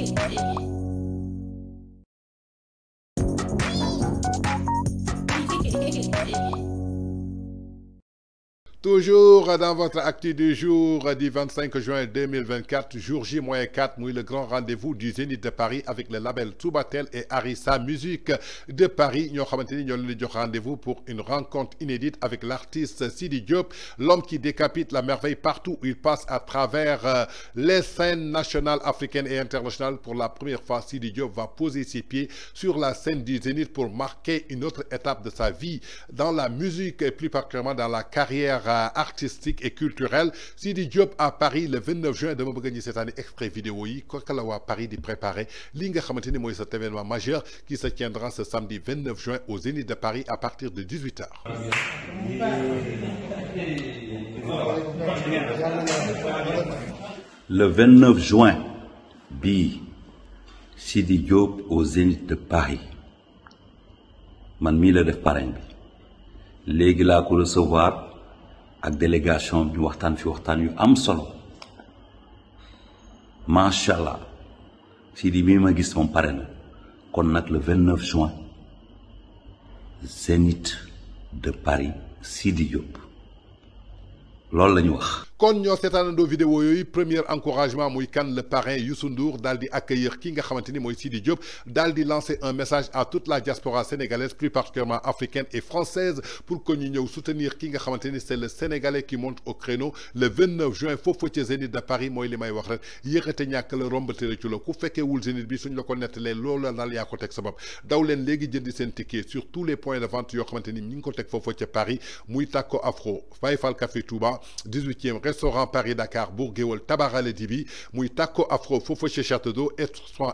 Thank you. Toujours dans votre acte du jour du 25 juin 2024, jour J-4, nous le grand rendez-vous du Zénith de Paris avec le label Tsubatel et Arissa Musique de Paris. Nous avons rendez-vous pour une rencontre inédite avec l'artiste Sidi Diop, l'homme qui décapite la merveille partout où il passe à travers euh, les scènes nationales, africaines et internationales. Pour la première fois, Sidi Diop va poser ses pieds sur la scène du Zénith pour marquer une autre étape de sa vie dans la musique et plus particulièrement dans la carrière artistique et culturel Sidi Diop à Paris le 29 juin Demain, bëgg cette cette extrait vidéo yi kooka la à Paris de préparer? li nga xamante moi? cet événement majeur qui se tiendra ce samedi 29 juin au Zénith de Paris à partir de 18 h le 29 juin bi Sidi Diop au Zénith de Paris man le la def parrain bi léegi laa ak délégation ñu waxtaan fi waxtaan yu am solo macha allah Sidi mii ma gis kon le 29 juin Zénith de Paris Sidi Diop wax kon ñoo do vidéo premier encouragement muy kan le parrain Youssou Ndour accueillir ki nga xamanteni moy Sidi Diop lancer un message à toute la diaspora sénégalaise plus particulièrement africaine et française pour que ñu ñew soutenir ki nga c'est le sénégalais qui monte au créneau le 29 juin foofu ci Zénith de Paris moy li may wax rek le ñak le rombatale ci la ku wul Zénith bi suñ la ko nettalee loolu la ya yaa ko teg sabab daw leen légui jëndi sen ticket sur tous les points de vente yo xamanteni ñing ko tek foofu Paris muy Afro Baye Café Touba 18e restaurant Paris Dakar Bour Tabarale et Mouy muy Taco Afro Fofoche chez Château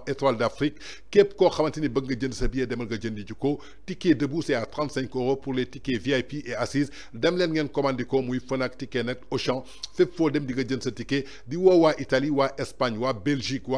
étoile d'Afrique Kepko koo xamante ni bëgg nga jënd billet ticket debout c'est à 35 euros pour les tickets VIP et assises dem leen ngeen commandé Fonak ticket net Auchan fépp foo dem ticket di Italie wa Espagne wa Belgique ou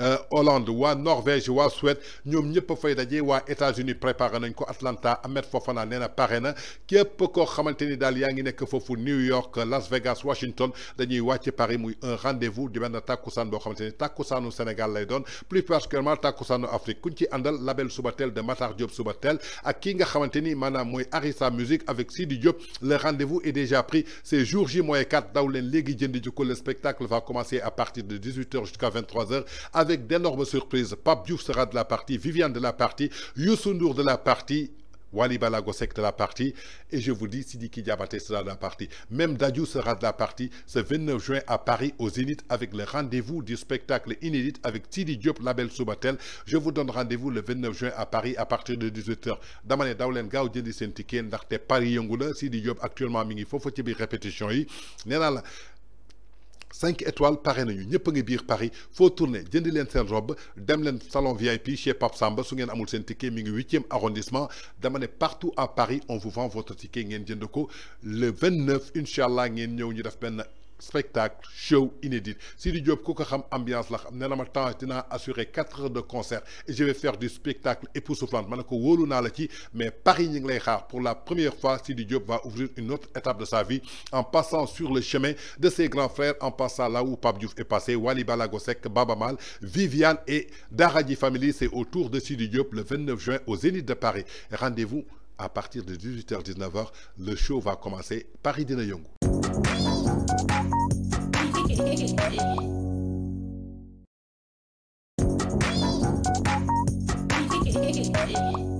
euh, Hollande Wa Norvège Wa Suède ñoom ñëpp a fay daje États-Unis préparé nañ ko Atlanta Ahmed Fofana nena parena, Kepko na Dalian, koo fofu New York Las Vegas Washington. Washington dañuy wàcc Paris muy un rendez-vous di benn tàkkusaan boo xamante ni au Sénégal lay doon plus particulièrement au Afrique kuñ ci andal label Subatel de Matar Diop Subatel ak ki nga xamante ni moy Arisa Musique avec Sidi Diop le rendez-vous est déjà pris c'est jour J 4 daw les légui jënd ci le spectacle va commencer à partir de 18h jusqu'à 23h avec d'énormes surprises Pape Diouf sera de la partie Viviane de la partie Youssou Ndour de la partie Wali Balagosek de la partie. Et je vous dis, Sidi Diabaté sera de la partie. Même Dadiou sera de la partie ce 29 juin à Paris, aux Zénith, avec le rendez-vous du spectacle inédit avec Tidi Diop, la Belle Soubatel. Je vous donne rendez-vous le 29 juin à Paris à partir de 18h. Damane Dawlen de Djedi Sentiken, Paris Yongoula, Sidi Diop actuellement à Il faut une répétition. répétitions. 5 étoiles par nañu ñëpp Paris il tourner. tourner. leen seen robe salon VIP chez Pape Samba su ngeen amul ticket mi e arrondissement dama partout à Paris on vous vend votre ticket ngeen jënd le 29 inch'Allah, ngeen spectacle show inédit Sidi Diop ku ambiance la xam quatre heures de concert et je vais faire du spectacle époustouflant je ne mais Paris n'est pour la première fois Sidi Diop va ouvrir une autre étape de sa vie en passant sur le chemin de ses grands frères en passant là où Pape est passé Waliba Lagosek, Baba Mal, Viviane et Daradi Family c'est autour tour de Sidi Diop le 29 juin au Zénith de Paris rendez-vous à partir de 18h-19h le show va commencer Paris dina Thank you.